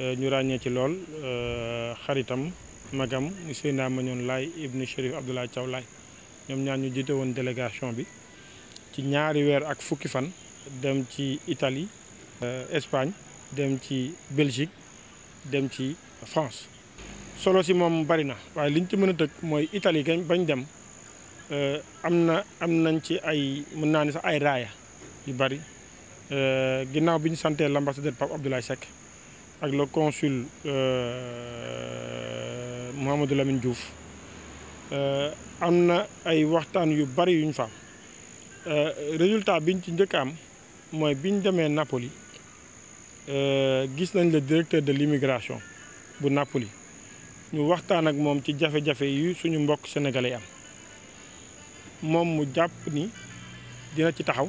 Eh, ñu ragné ci lool eh, xaritam magam Seyna Mañon Lay ibnu Sherif Abdoulaye Thiaw nyamnya ñom ñaan ñu jité won délégation bi ci ñaari wër ak fukki fan dem ci Italie eh, Espagne dem ci Belgique dem ci France solo ci mom bari na way liñ ci mëna a moy Italie bañ dem euh amna amnañ ci ay mën naa ni sax ay raaya yu bari euh ginnaw biñu santé l'ambassadeur Pape Abdoulaye Seck ak le consul euh, Mouhamadou Lamine Diouf euh, am na ay waxtaan yu bari yuñ fa am euh, résultat biñ ci njëkk am mooy biñ demee Napoli gis nañ le directeur de l'immigration bu Napoli ñu waxtaan ak moom ci jafe-jafe yi suñu mbokk sénégalais am moom mu jàpp ni dina ci taxaw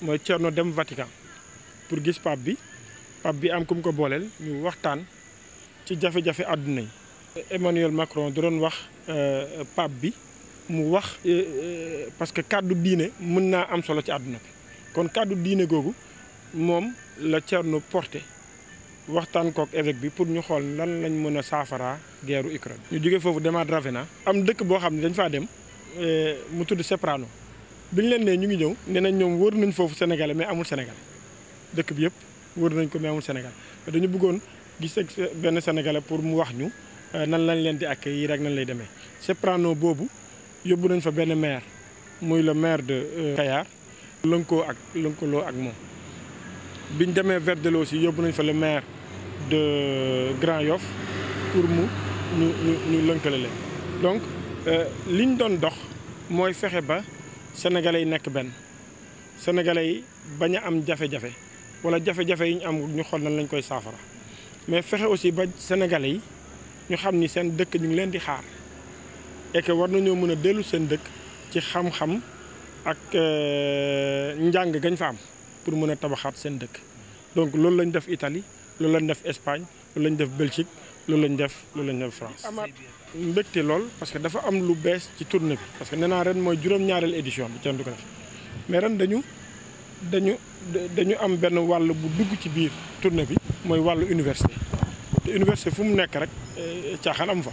mooy Thierno dem Vatican pour gis pape bi pape bi am ku mu ko booleel ñu waxtaan ci jafe-jafe àdduna yi. Emmanuel Macron da doon wax euh, pape bi mu wax euh, euh, parce que kàddu diine mën naa am solo ci àdduna bi kon kàddu diine googu moom la nu porté waxtaan kook evec bi pour ñu xool lan lañ mën a saafaraa guerru Ukraine. ñu jógee foofu demaat Ravenna am dëkk boo xam ne dañ faa dem mu tudd Ceprano. bi ñu leen nee ñu ngi ñëw nee nañ ñoom wër nañ fofu sénégalais mais amul sénégal dëkk bi yëpp wër nañ ko mais amul sénégal mais dañu bëggoon gis ak benn sénégalais pour mu wax ñu euh, nan lañ leen di accueillir yi rek nan lay demee prano boobu yóbbu nañ fa benn maire muy le maire de euh, Kayar lënkoo ak lënkaloo ak moom biñ demee Verdelo aussi yóbbu nañ fa le maire de euh, Grand Yoff pour mu ñu ñu ñu lënkale leen donc liñ doon dox mooy fexe ba sénégalais yi nekk benn sénégalais yi bañ a am jafe-jafe wala jafe-jafe yi ñu am ñu xool nan lañ koy saafara mais fexe aussi ba sénégalais yi ñu xam ni seen dëkk ñu ngi leen di xaar et war nañoo mën a dellu seen dëkk ci xam-xam ak euh, njàng gañ fa am pour mën a tabaxaat seen dëkk donc loolu lañ def itali loolu lañ def Espagne loolu lañ def Belgique loolu lañ def loolu lañ def France amaat mbégte lool parce que dafa am lu bees ci tournée bi parce que nee naa ren mooy juróom-ñaareelu édition bi ceenu du ko def mais ren dañu dañu dañu am benn wàll bu dugg ci biir tournée bi mooy wàllu université te université fu mu nekk rek eh, caaxaan am fa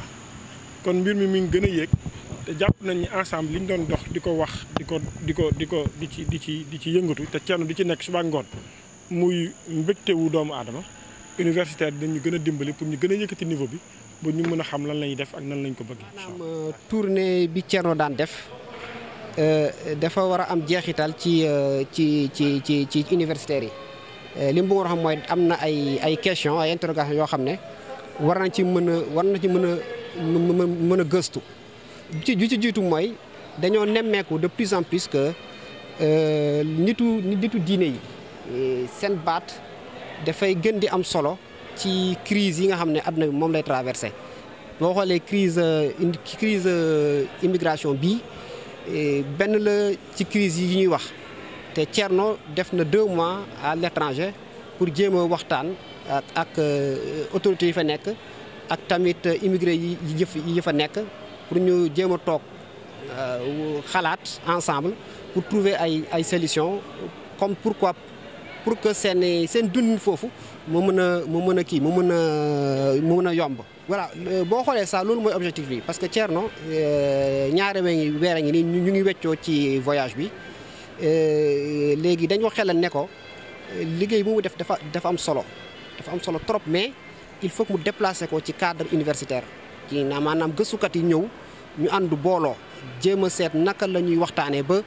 kon mbir mi mi gën a yéeg te jàpp nañ ni ensemble li ñu doon dox di ko wax di ko di ko di ko di ci di ci di ci yëngatu te kenn du ci nekk suba ngoon muy mbégte doomu aadama universitaire dinañu gën a dimbali pour ñu gën a yëkkati niveau bi ba ñu mën a xam lan lañuy def ak nan lañ ko bëgg. maanaam euh, tournée bi Thierno daan def euh, dafa war a am jeexital ci euh, ci ci ci ci universitaires yi li mu bëggoon xam mooy am na ay ay questions ay interrogations yoo xam ne war nañ ci mën a war na ci mën a mën a gëstu ci ci jiitu mooy dañoo nemmeeku de plus en plus que nitu nitu diine yi seen baat. dafay gën di am solo ci crise yi nga xam ne àdduna moom lay traversé boo xoolee crise euh, crise euh, immigration bii eh, benn la ci crise yi ñuy wax te Thierno def na deux mois à l'étranger pour jéem a waxtaan ak euh, autorité yi fa nekk ak tamit immigré yi yi fa nekk pour ñu jéem a toog xalaat ensemble pour trouver ay ay solution comme pourquoi pour que seen seen dundin foofu mu mën a mu mën a kii mu mën a yomb. voilà euh, bo xolé ça lolu moy objectif bi parce que Thierno euh, ñaari weer a ngi nii ñu ngi wéccio ci voyage bi euh, léegi dañoo xelal ne ko ligéy bu mu def dafa dafa am solo dafa am solo trop mais il faut que mu déplacer ko ci cadre universitaire ci na manam gëstukat yi ñëw ñu andu bolo jema set naka lañuy ñuy ba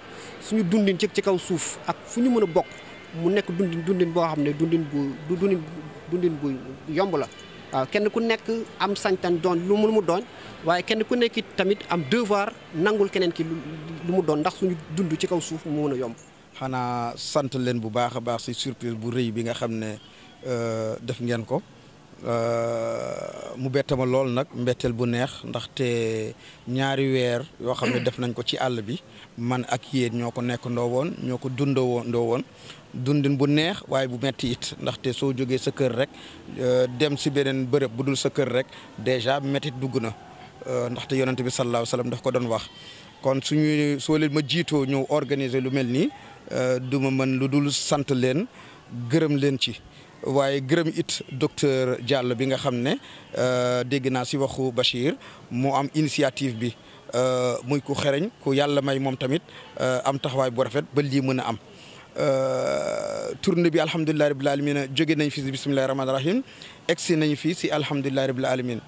suñu dundin ci ci kaw suuf ak fuñu ñu bokk. mu nekk dundin dundin boo xam ne dundin bu dundin dundin bu yomb la waaw kenn ku nekk am sañtan doon lu mu lu mu doon waaye kenn ku nekk tamit am devoir nangul keneen ki lu mu doon ndax suñu dund ci kaw suuf mu mën a yomb xanaa sant leen bu baax a baax si surprise bu rëy bi nga xam ne euh, def ngeen ko euh, mu bette ma lool nag mbetteel bu neex ndaxte ñaari weer yoo xam ne def nañ ko ci àll bi man ak yéen ñoo ko nekk ndoo woon ñoo ko dundoo woon ndoo woon dundin bu neex waaye bu metti it ndaxte soo jógee sa kër rek euh, dem si beneen bërëb bu dul sa kër rek dèjà méttit dugg na euh, ndaxte yonante bi sallallahu alayhi wasallam daf ko doon wax kon suñuy soo leen ma jiitoo ñëw organiser lu mel nii euh, du ma mën lu dul sant leen gërëm leen ci waaye gërëm it docteur Diallo bi nga xam ne dégg naa si waxu Bachir moo am initiative bi muy ku xereñ ko yàlla may moom tamit am taxawaay bu rafet ba lii mën a am Euh, tournée bi alhamdulilah rabil aalamiina jóge nañ fi si bisimilah rahmaani rahiim egg si nañ fi si alhamdulilah rabil aalamiina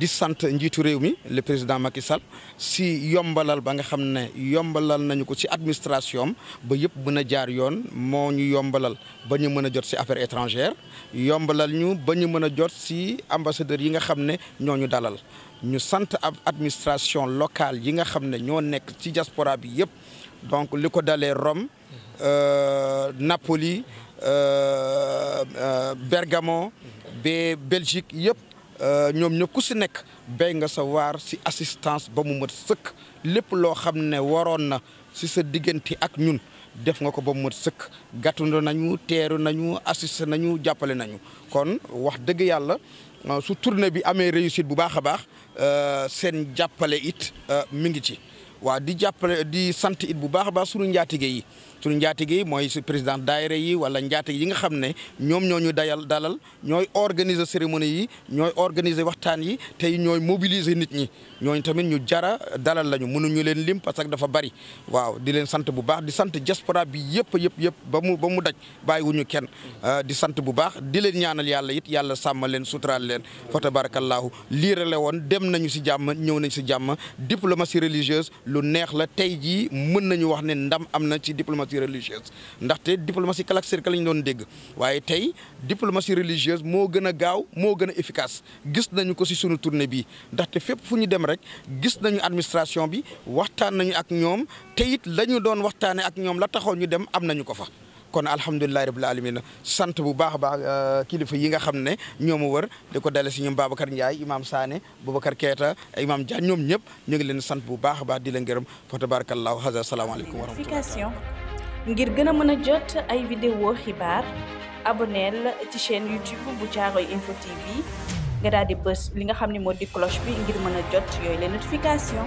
di sant njiitu réew mi le président Macky Sall si yombalal ba nga xam ne yombalal nañu ko si administration ba yëpp mën a jaar yoon moo ñu yombalal ba ñu mën a jot si affaires étrangères yombalal ñu ba ñu mën a jot si ambassadeurs yi nga xam ne ñoo ñu dalal ñu sant ab administration locale yi nga xam ne ñoo nekk ci diaspora bi yëpp donc li ko dalee Rome. Euh, Napoli euh, euh, Bergamo ba Belgique yëpp ñoom ñëpp ku si nekk béy nga sa waar si assistance ba mu mat sëkk lépp loo xam ne waroon na si sa diggante ak ñun def nga ko ba mu mat sëkk gàttandu nañu teeru nañu assisté nañu jàppale nañu kon wax dëgg yàlla su tournée bi amee réussite bu baax a baax seen jàppale it mi ngi ci waa di jàppale di sant it bu baax a baax suñu njaatige yi suñu njaatige yi mooy si président daayira yi wala njaatige yi nga xam ne ñoom ñoo ñu dayal dalal ñooy organiser cérémonie yi ñooy organiser waxtaan yi tey ñooy mobiliser nit ñi ñooñu tamit ñu jara dalal lañu mënuñu leen lim parce que dafa bari waaw di leen sant bu baax di sant diaspora bi yëpp yëpp yëpp ba mu ba mu daj bàyyiwuñu kenn ah, di sant bu baax di leen ñaanal yàlla it yàlla sàmma leen suturaal leen fa tabarakallahu liirale woon dem nañu si jàmm ñëw nañ si jàmm diplomatie religieuse lu neex la tey ji mën nañu wax ne ndam am na ci diplomatie diplomatie religieuse ndaxte diplomatie klaxer ka la ñu doon dégg waaye tey diplomatie religieuse moo gën a gaaw moo gën a efficace gis nañu ko si sunu tournée bi ndaxte fépp fu ñu dem rek gis nañu administration bi waxtaan nañu ak ñoom te it la ñu doon waxtaanee ak ñoom la taxaw ñu dem am nañu ko fa. kon alhamdulilah rabil alamin sant bu baax a baax euh, kilifa yi nga xam ne ñoom ma wër di ko dale si ñoom Babacar Ndiaye Imaam Sané Boubacar Keita Imaam Dia ñoom ñëpp ñu ngi leen sant bu baax a baax di leen gërëm fa tabarakallahu haza salaamaaleykum wa rahmatullah ngir gën a mën a jot ay vidéo xibaar aboneel ci chaîne YouTube bu Caaroy info TV nga daal di bës li nga xam ne moo di cloche bi ngir mën a jot yooyu leen notification